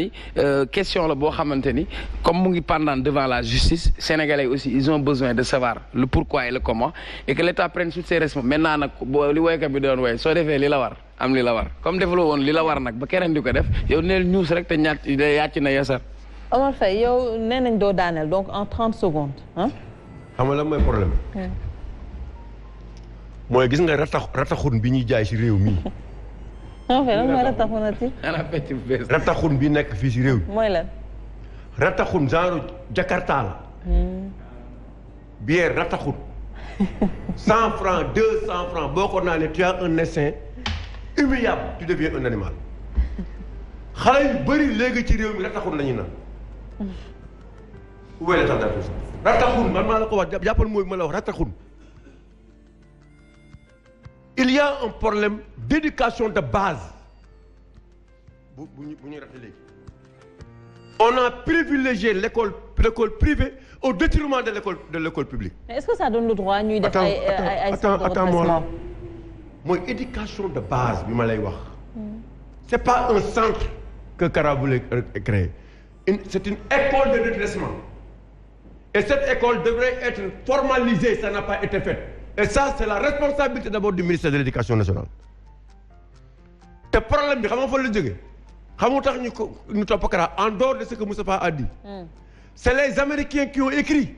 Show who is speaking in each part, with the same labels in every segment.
Speaker 1: ni euh, question la boo xamante ni comme mu ngi pendant devant la justice sénégalais aussi ils ont besoin de savoir le pourquoi et comment et que l'État prenne toutes ses responsabilités maintenant nag boo li woykat bi doon woy soo defee li la war am li la war comme defloo woon li la war nag ba keneen di ko def yow neel ñuus rek te ñaat na yasar
Speaker 2: Omar Faye yow nee doo daaneel donc en trente secondes ah
Speaker 3: mooy gis nga ratax bi ñuy jaay ci réew mi
Speaker 2: en fait lan mooy rattaxunati.
Speaker 3: bi nekk fii ci réew mi. mooy lan. rattaxun genre jakarta la. Hmm. bière rattaxun. cent francs deux cent francs boo ko naanee tu as un instinct humiliable tu deviens un animal. xale yu bëri léegi ci réew mi rattaxun la ñuy na rattaxun man maa la ko wax jàppal mooy ma la wax rattaxun. il y a un problème d'éducation de base bu bu ñu bu ñu rafet léegi on a privilégié l'école privée au détriment de l'école de l'école publique.
Speaker 2: mais est-ce que ça donne le droit ñuy def ay ay ay
Speaker 3: mooy éducation de base bi ma lay wax. Hmm. c'est pas un centre que Kara créer c'est une école de redressement et cette école devrait être formalisée ça n'a pas été fait. et ça c'est la responsabilité d'abord du ministère de l'éducation nationale te problème bi xam nga fa la jógee xamu tax ñu ko ñu topp CRA en dehors de ce que Moustapha a dit mm. c'est les Américains qui ont écrit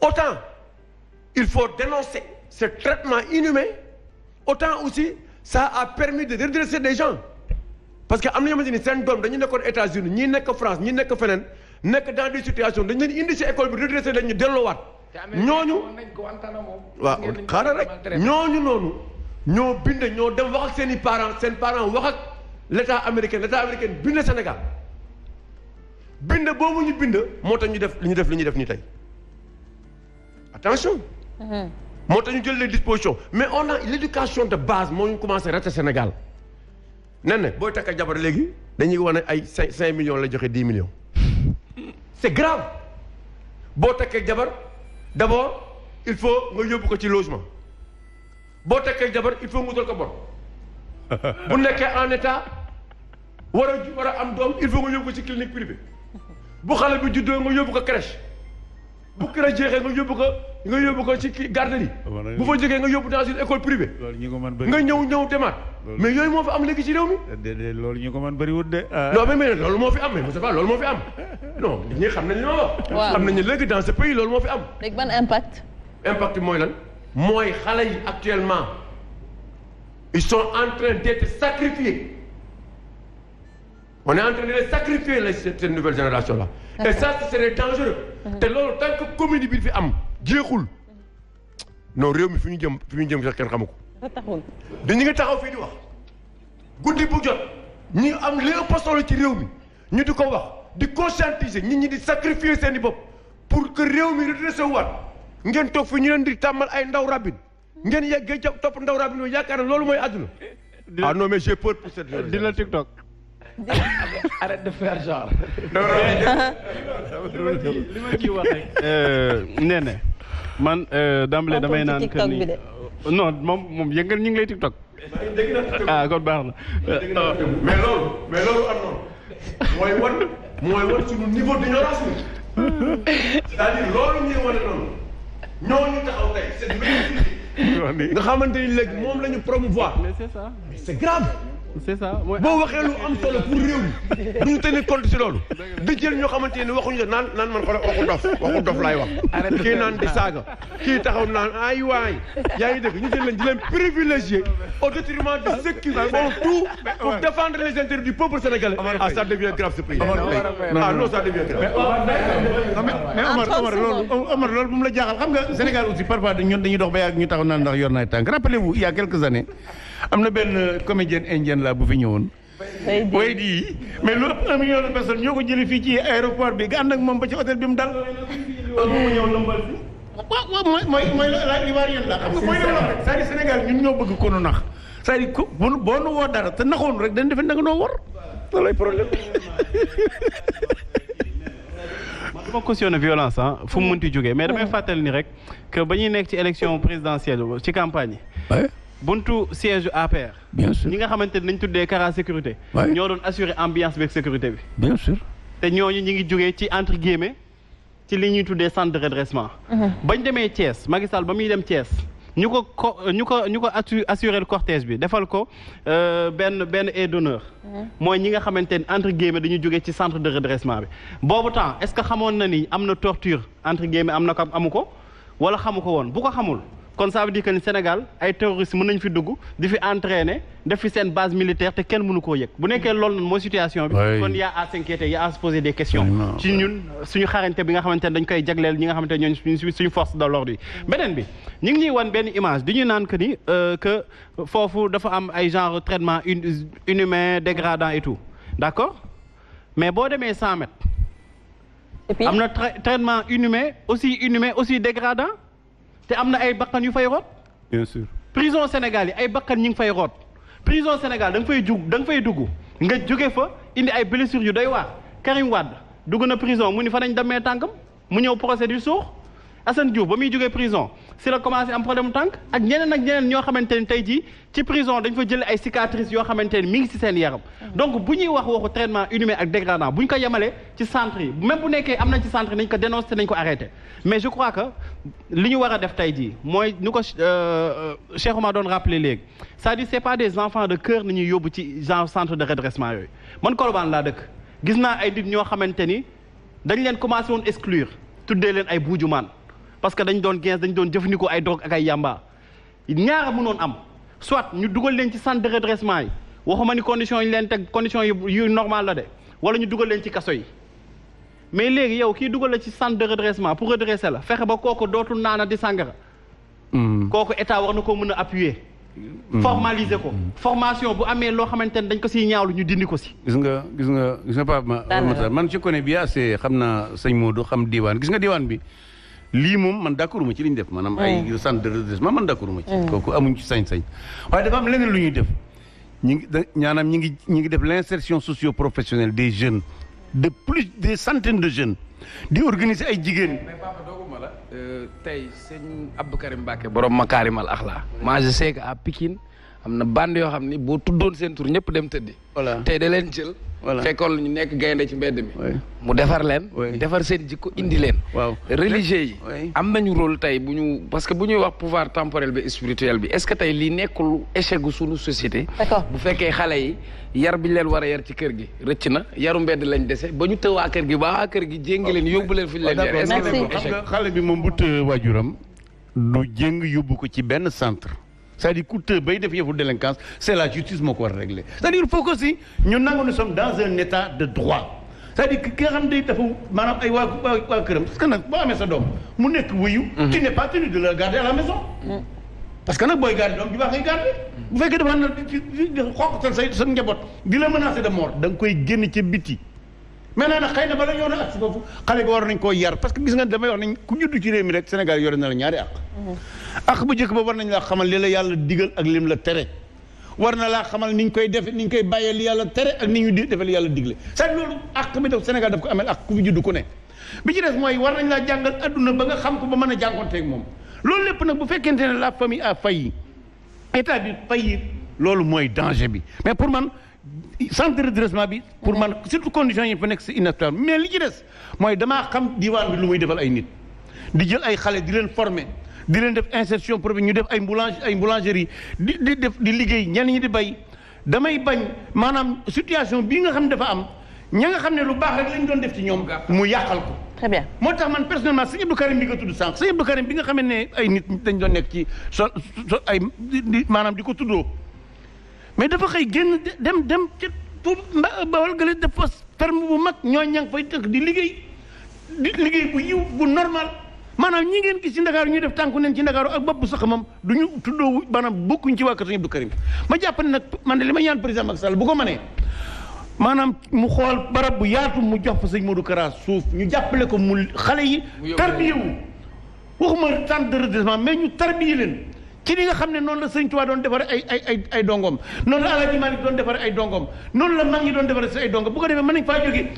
Speaker 3: autant il faut dénoncer ce traitement inhumain autant aussi ça a permis de redresser des gens parce que am na ñoo xamante ni seen doom États-Unis ñi nekk France ñi nekk feneen nekk dans des situations dañu leen indi ci école bi redresser dañu delloowaat ñooñu
Speaker 1: waaw xaaral rek
Speaker 3: ñooñu noonu ñoo bind ñoo dem wax ak seen i parents seen parents wax ak l' état américain l' état américain bind Sénégal bind boobu ñu bind moo tax ñu def li ñu def li ñu def nii tey attention. Mhm. moo tax ñu jël leen dispositions mais on a l' éducation de base moo ñu commencé rester Sénégal nen ne booy takk jabar léegi dañuy wane ay cinq cinq millions la joxe dix millions c' est grave boo takkee jabar. d'abord il faut nga yóbbu ko ci logement boo tekkee jabar il faut nga wutal ko bor bu nekkee en état war a war a am doom il faut nga yóbbu ko ci clinique privée bu xale bi juddoo nga yóbbu ko crèche bu crèche jeexee nga yóbbu ko. nga yóbbu ko ci kii garderie bu fa jógee nga yóbbu dans une école privée nga ñëw ñëw demaat mais yooyu moo fi am léegi ci réew mi loolu ñu ko mën bëriwut de ah. loolu moo fi am mais Moustapha loolu moo fi am non nit ñi xam nañ li ma wax am nañu léegi dans ce pays loolu moo fi am
Speaker 1: léegi ban impact
Speaker 3: impact mooy lan mooy xale yi actuellement ils sont en train d'être on est en train de les sacrifier les cette nouvelle génération là. e ça ce serait dangereux. Mhm. te loolu tant que commune fi am jeexul. non réew mi fi ñu jëm fi ñu jëm sax kenn xamu ko. taxul dañu ngi taxaw fii di wax guddi bu jot ñu am li ëpp solo ci réew mi ñu di ko wax di conscientiser nit ñi di sacrifier seen i bopp pour que réew mi redressé waat ngeen toog fi ñu leen di tàmmal ay ndaw rabin ngeen yeggee topp ndaw rabin yooyu yaakaar na loolu mooy àdduna. Eh, eh, ah non mais j'ai peur pour cette dina TikTok.
Speaker 1: arrête de faire genre. li ma ciy wax rek.
Speaker 2: Euh, nee na euh, damay naan que ni euh, non moom moom yëngal ñu ngi lay TikTok. ah kon baax na.
Speaker 3: mais loolu mais loolu am mooy wan mooy wan suñu niveau d'ignorance bi cest à nga xamante ni léegi moom la ñu mais c'est c'est ça mooy boo waxee am solo pour réew mi duñu tenir compte si loolu. di jël ñoo xamante ne waxuñu ko naan naan man xoolal waxu dof waxu wax. kii naan di saaga kii taxaw naan ay waay yaa ngi dégg ñu jël leen di leen privilégié au détriment de ceux qui font tout pour défendre les intérêts du peuple sénégalais. ah ça devient grave ce pays. ah non ça devient grave. mais Omar Omar
Speaker 1: loolu Omar dox ba yàgg ñu taxaw naan ndax yor naay tànk rappelez-vous quelques années. am na benn comédienne indienne laa bu fi ñëwoon. way di mais lu ëpp un million de ñoo ko jëlee fii ci aéroport bi nga ànd ak moom ba ci hôtel bi mu dal. loolu moo ñëw bi. Sénégal ñun ñoo bëgg ko nu nax c'est-à-dire ku dara te naxoon rek dañ defe nanga noo war loolu lay problème.
Speaker 2: dama violence ah fu mu mënti jóge mais damay fàttali nii rek que ba ñuy nekk ci élection présidentielle ci campagne buntu siège APR. bien ñi nga xamante ne nañ tuddee Kara sécurité. ñoo doon assurer ambiance beeg sécurité bi. bien te ñooñu ñi ngi jógee ci entre guillemets ci li ñuy tuddee centre de redressement. Mhm. bañ demee Thiès Macky Sall ba muy dem Thiès. ñu ko ko ñu ko ñu ko assuré le cortège bi defal ko euh, benn benn aide d'honneur mhm. mooy ñi nga xamante ne entre guillemets dañuy jógee ci centre de redressement bi boobu temps est-ce que xamoon na ni am na torture entre guillemets am na ko amu ko wala xamu ko woon bu ko xamul kon ça veut dire que ni Sénégal ay terroristes mën nañ fi dugg di fi entraîner def fi seen base militaire te kenn mënu koo yëg bu nekkee loolu noonu mooy situation bi kon y a à s'inquiéter a à se des questions ci ñun suñu xarante bi nga xamante ne dañ koy jagleel ñi nga xamante ne ñooñ suñu force de l'ordre yi beneen bi ñu ngi ñuy wan benn image di ñu naan que ni euh, que foofu dafa am ay genre traitement inhumain dégradant et tout d'accord mais boo demee 100 am na traitement inhumain aussi inhumain aussi dégradant te am na ay bakkan yu fay root. bien sûr prison Sénégal yi ay bakkan ñu ngi fay root prison Sénégal da nga fay jug da nga fay dugg nga jóge fa indi ay blessures yu doy waar Karim Wade dugg na prison mu ni fa nañ demee tànkam mu ñëw procès du suux Assane Diouf ba muy jógee prison si la commencé am problème mu tànk ak ñeneen ak ñeneen ñoo xamante tey jii ci prison dañ fa jël ay cicatrices yoo xamante ni mi ngi si seen yaram. donc bu ñuy wax waxu traitement inhumain ak dégradant bu ñu ko yemalee ci centre yi bu nekkee am nañ ci centre nañ ko dénoncé nañ ko arrêté mais je crois que li ñu war a def tey jii mooy nu ko euh, euh, Cheikh Oumar doon rappelé léegi c'est-à-dire c'est pas des enfants de cœur ni ñuy yóbbu ci genre centre de redressement yooyu man Colobane laa dëkk gis naa ay nit ñoo xamante ni dañ leen commencé woon exclure tuddee leen ay buujumaan parce que dañ doon gens dañ doon jëfandikoo ay drogue ak ay ñaar ñaara mënoon am soit ñu dugal leen ci centre de redressement yi waxuma ni conditions leen teg conditions yu normal la de wala ñu dugal leen ci kaso yi mais léegi yow kii dugal la ci centre de redressement pour redresser la fexe ba kooku dootu naana di sàngara hmm. kooku état war na ko mën a appuyer hmm. formaliser ko hmm. formation bu amee loo xamante ne dañ ko siy ñaawlu ñu dindi ko si gis
Speaker 1: nga gis nga gis nga Pape Matar man ci connais bi assez xam naa sëñ Modou xam diiwaan gis nga diiwaan bi lii moom man d'accord ma ci li ñu def maanaam ay sant hmm. de redressement man d'accord ma ci hmm. kooku amuñ ci sañ-sañ waaye dafa am leneen lu ñuy def ñi ngi ñaanaam ñi ngi ñi ngi def l'insertion socio-professionnelle des jeunes de des centaines de jeunes di organiser ay jigéen mais papa dooguma la euh, tey sëñ Abdou Karim borom ma axlaa maa je sais que à am na band yoo xam ni boo tuddoon seen tur ñëpp dem tëddi. voilà tey da leen jël. voilà fekkoon ñu nekk gaynde ci mbedd bi mu defar leen. defar seen jikko indi leen. waaw religieux yi. am nañu rôle tey bu ñu parce que bu ñuy wax pouvoir temporel bi spirituel bi est-ce que tey lii nekkul échec gu sunu société. bu fekkee xale yi yar bi ñu leen war a yar ci kër gi rëcc na yaru mbedd lañ dese ba ñu tëw kër gi ba waa kër gi jéngi leen yóbbu leen fi ñu leen yar. que xam nga xale bi moom bu tëw waajuram du jéng yóbbu ko ci benn centre c'est-à-dire ku bay def yëfu délinquance c'est la justice moo ko war a régler c'est-à-dire il si ñu nangu nous dans un état de droit cest dire ki nga xam ne dafa maanaam ay waa waa këram parce que nag boo amee sa doom mu nekk wuyu mhm. tu n'es pas tenu de le garder à la maison mm. parce que nag booy garder doom ju baax ngay mm. bu fekkee dafa na xoqatal say sa njaboot di la menacer de mort da nga koy génn ca biti maintenant nag xëy na bala yoon a ak si foofu xale bi war nañ koo yar parce que gis nga damay wax nañ ku juddu ci réew mi rek Sénégal yore na la ñaari àq àq bu njëkk ba war nañ laa xamal li la yàlla digal ak lim la tere war na laa xamal ni ñu koy def ni ñu koy bàyyee li yàlla tere ak ni ñu di defee li yàlla digle c'est loolu àq bi daf Sénégal daf ko amel àq ku fi juddu ku ne bi ci des mooy war nañ laa jàngal adduna ba nga xam ko ba mën a jànkonteeg moom loolu lépp nag bu fekkente ne la famille a failli état bi failli loolu mooy danger bi centre de redressement bi. pour man surtout conditions yi fa nekk si inactable mais li ci des mooy damaa xam diwaan bi lu muy defal ay nit. di jël ay xale di leen former di leen def insertion professionnelle ñu def ay boulange ay boulangerie di di def di liggéey ñenn ñi di bay damay bañ maanaam situation bii nga xam dafa am ña nga xam ne lu baax rek lañ doon def ci ñoom. ga mu yàqal ko. très bien moo tax man personnellement sëñ Abdou Karim bi nga tudd sànq sëñ Abdou Karim bi nga xam ne ay nit dañ doon nekk ci so ay maanaam di ko tuddoo. mais dafa xëy génn dem dem ca bawal gële dafa ferme bu mag ñoo ña ngi fay dëkk di liggéey liggéey bu yiw bu normal maanaam ñii ngeen gis ci Ndakaaru ñuy def tànku neen ci Ndakaaru ak bopp sax moom du ñu tuddoo maanaam bokkuñ ci waa Kër Abdou Karim ma jàpp ne nag man de li ma ñaan président Macky Sall bu ko mënee maanaam mu xool barab bu yaatu mu jox fa sëñ Modou Kara suuf ñu jàppale ko mu xale yi. tarbiyewu waxuma tànn de redressement mais ñu tarbiye leen. ci li nga xam ne noonu la Sëñ Tuubaa doon defar ay ay ay ay dongoom noonu la Alaaji doon defar ay dongoom noonu la mag ñi doon defar si ay dongoom bu ko defee mën nañ faa jóge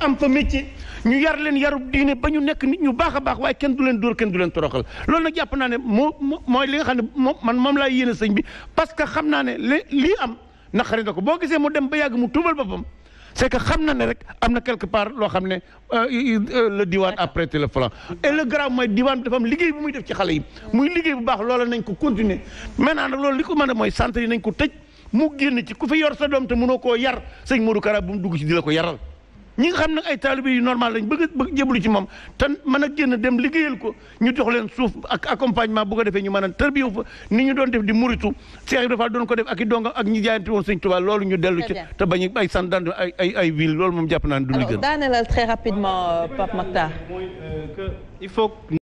Speaker 1: am fa métier ñu yar leen yaru diine ba ñu nekk nit ñu baax a baax waaye kenn du leen door kenn du leen toroxal loolu na jàpp naa ne moo mooy li nga xam ne moom man moom laa yéene sëñ bi parce que xam naa ne li lii am naqari na ko boo gisee mu dem ba yàgg mu tuubal boppam c'est que xam na ne rek am na quelque part loo xam ne euh, euh, le diwaan a prêté le flanc et le grave mooy diwaan bi dafa liggéey bu muy def ci xale yi muy liggéey bu baax loola nañ ko continuer maintenant nag loolu li ko mën a mooy centre yi nañ ko tëj mu génn ci ku fi yor sa doom te mënoo koo yar sëñ Modou Kara bu mu dugg ci di la ko yaral ñi nga xam nag ay taalibe yu normal lañ bëgg bëgg jéblu ci moom te mën a génn dem liggéeyal ko ñu jox leen suuf ak accompagnement bu ko defee ñu mën a tërbiyu fa ni ñu doon def di muritu Cheikh Ibrahima doon ko def ak i dongam ak ñi jaayante loolu ñu dellu ci te bañ ay sant daan ay ay ay ville loolu moom jàpp naa du
Speaker 2: li gën